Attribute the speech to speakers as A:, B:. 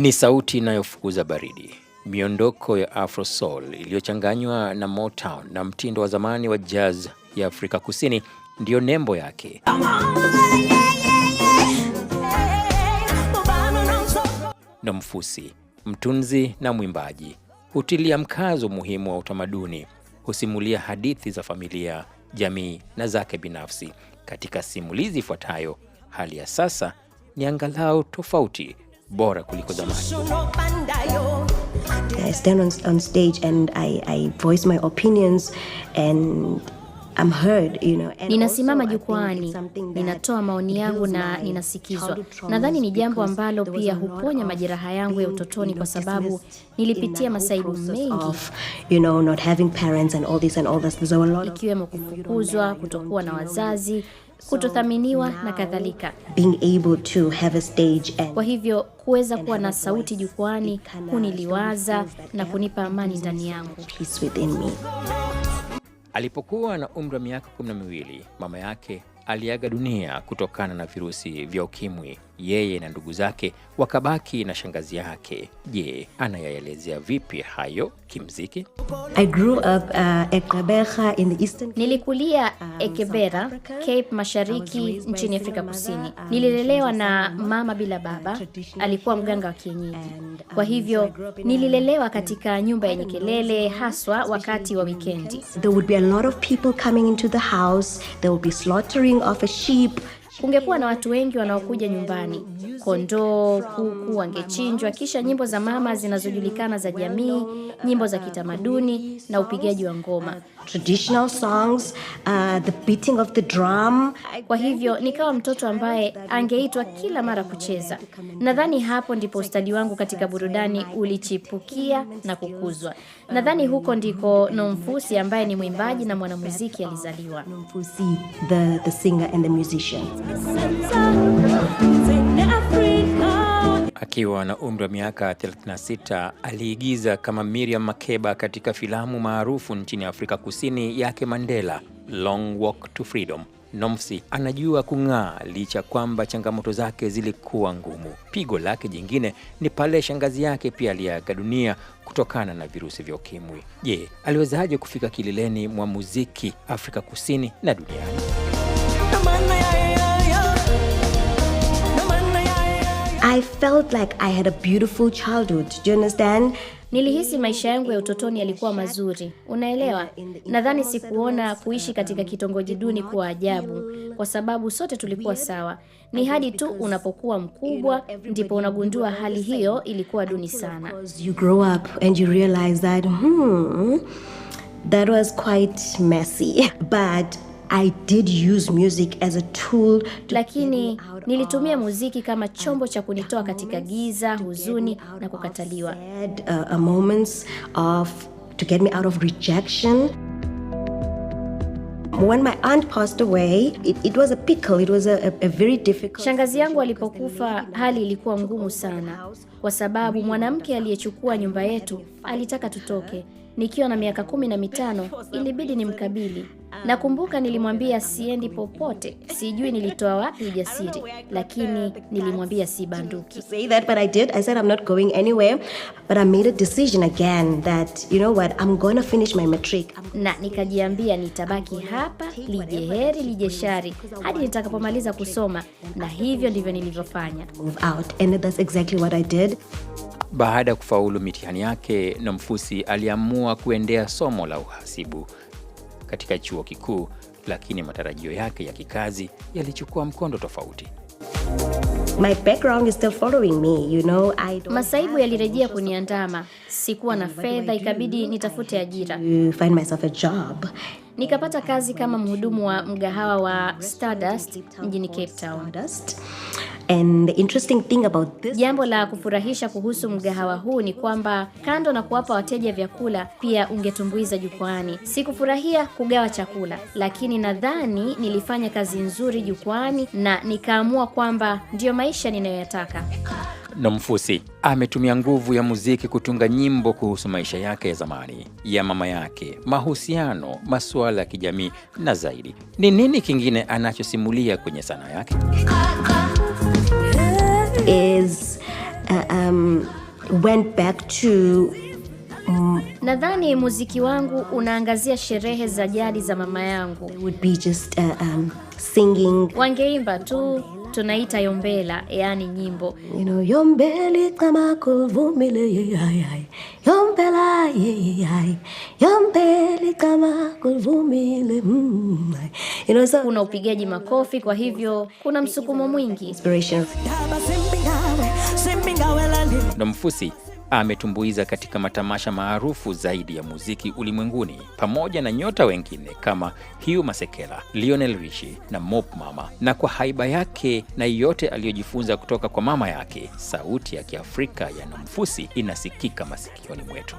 A: Ni sauti inayofukuza baridi, miondoko ya Afro Soul iliyochanganywa na Motown na mtindo wa zamani wa jazz ya Afrika Kusini ndiyo nembo yake. Na mfusi, mtunzi na mwimbaji hutilia mkazo muhimu wa utamaduni, husimulia hadithi za familia, jamii na zake binafsi. Katika simulizi ifuatayo, hali ya sasa ni angalau tofauti bora kuliko zamani.
B: I stand on, on stage and I, I voice my opinions and I'm heard, you know.
C: Ninasimama jukwani, ninatoa maoni yangu na ninasikizwa. Nadhani ni jambo ambalo pia huponya majeraha yangu ya utotoni kwa sababu nilipitia masaibu mengi, ikiwemo kufukuzwa, kutokuwa na wazazi kutothaminiwa na kadhalika. Kwa hivyo kuweza kuwa na sauti jukwani kuniliwaza na kunipa amani ndani yangu.
A: Alipokuwa na umri wa miaka kumi na miwili, mama yake aliaga dunia kutokana na virusi vya ukimwi yeye na ndugu zake wakabaki na shangazi yake. Je, anayaelezea vipi hayo kimziki?
B: I grew up, uh, in the Eastern...
C: nilikulia uh, Ekebera, Cape Mashariki nchini Afrika Kusini. Nililelewa na mama uh, bila baba, alikuwa mganga wa kienyeji. Um, Kwa hivyo nililelewa katika nyumba yenye kelele, haswa wakati wa wikendi. Kungekuwa na watu wengi wanaokuja nyumbani kondoo, kuku wangechinjwa, kisha nyimbo za mama zinazojulikana za jamii, nyimbo za uh, kitamaduni na upigaji wa ngoma uh,
B: traditional songs, uh, the beating of the drum.
C: Kwa hivyo nikawa mtoto ambaye angeitwa kila mara kucheza. Nadhani hapo ndipo ustadi wangu katika burudani ulichipukia na kukuzwa. Nadhani huko ndiko Nomfusi ambaye ni mwimbaji na mwanamuziki alizaliwa.
B: Nomfusi, the, the singer and the musician.
A: Akiwa na umri wa miaka 36 aliigiza kama Miriam Makeba katika filamu maarufu nchini Afrika Kusini yake Mandela, Long Walk to Freedom. Nomsi anajua kung'aa licha kwamba changamoto zake zilikuwa ngumu. Pigo lake jingine ni pale shangazi yake pia aliaga dunia kutokana na virusi vya ukimwi. Je, aliwezaje kufika kileleni mwa muziki Afrika Kusini na duniani?
B: I felt like I had a beautiful childhood. Do you understand?
C: Nilihisi maisha yangu ya utotoni yalikuwa mazuri, unaelewa? Nadhani sikuona kuishi katika kitongoji duni kuwa ajabu, kwa sababu sote tulikuwa sawa. Ni hadi tu unapokuwa mkubwa ndipo unagundua hali hiyo ilikuwa duni sana.
B: You grow up and you realize that, hmm, that was quite messy. But I did use music as a tool to
C: lakini nilitumia muziki kama chombo cha kunitoa katika giza, huzuni na kukataliwa.
B: Uh, uh, When my aunt passed away, it, it was a pickle. It was a, a very difficult.
C: Shangazi yangu alipokufa, hali ilikuwa ngumu sana, kwa sababu mwanamke aliyechukua nyumba yetu alitaka tutoke. Nikiwa na miaka kumi na mitano, ilibidi nimkabili Nakumbuka nilimwambia siendi popote, sijui nilitoa wapi ujasiri, lakini nilimwambia sibanduki. Na nikajiambia nitabaki hapa, lije heri lije shari, hadi nitakapomaliza kusoma, na hivyo ndivyo nilivyofanya.
A: Baada ya kufaulu mitihani yake, Nomfusi aliamua kuendea somo la uhasibu katika chuo kikuu, lakini matarajio yake ya kikazi yalichukua mkondo tofauti.
B: My background is still following me, you know, I
C: don't masaibu yalirejea kuniandama. Sikuwa na fedha, ikabidi nitafute ajira.
B: find myself a job.
C: Nikapata kazi kama mhudumu wa mgahawa wa Stardust mjini Cape Town.
B: And the interesting thing about this...
C: Jambo la kufurahisha kuhusu mgahawa huu ni kwamba kando na kuwapa wateja vyakula, pia ungetumbuiza jukwani Sikufurahia kugawa chakula, lakini nadhani nilifanya kazi nzuri jukwani na nikaamua kwamba ndiyo maisha ninayoyataka.
A: Nomfusi ametumia nguvu ya muziki kutunga nyimbo kuhusu maisha yake ya zamani, ya mama yake, mahusiano, masuala ya kijamii na zaidi. Ni nini kingine anachosimulia kwenye sanaa yake?
B: Is, uh, um, went back to
C: mm, Nadhani muziki wangu unaangazia sherehe za jadi za mama yangu.
B: It would be just, uh, um, singing.
C: Wangeimba tu tunaita yombela, yaani nyimbo.
B: yombeli yombela yombeli
C: mm. so kuna upigaji makofi, kwa hivyo kuna msukumo mwingi.
B: Inspiration.
A: Mfusi ametumbuiza katika matamasha maarufu zaidi ya muziki ulimwenguni pamoja na nyota wengine kama Hugh Masekela, Lionel Richie na Mop Mama. Na kwa haiba yake na yote aliyojifunza kutoka kwa mama yake, sauti ya Kiafrika ya Namfusi inasikika masikioni mwetu.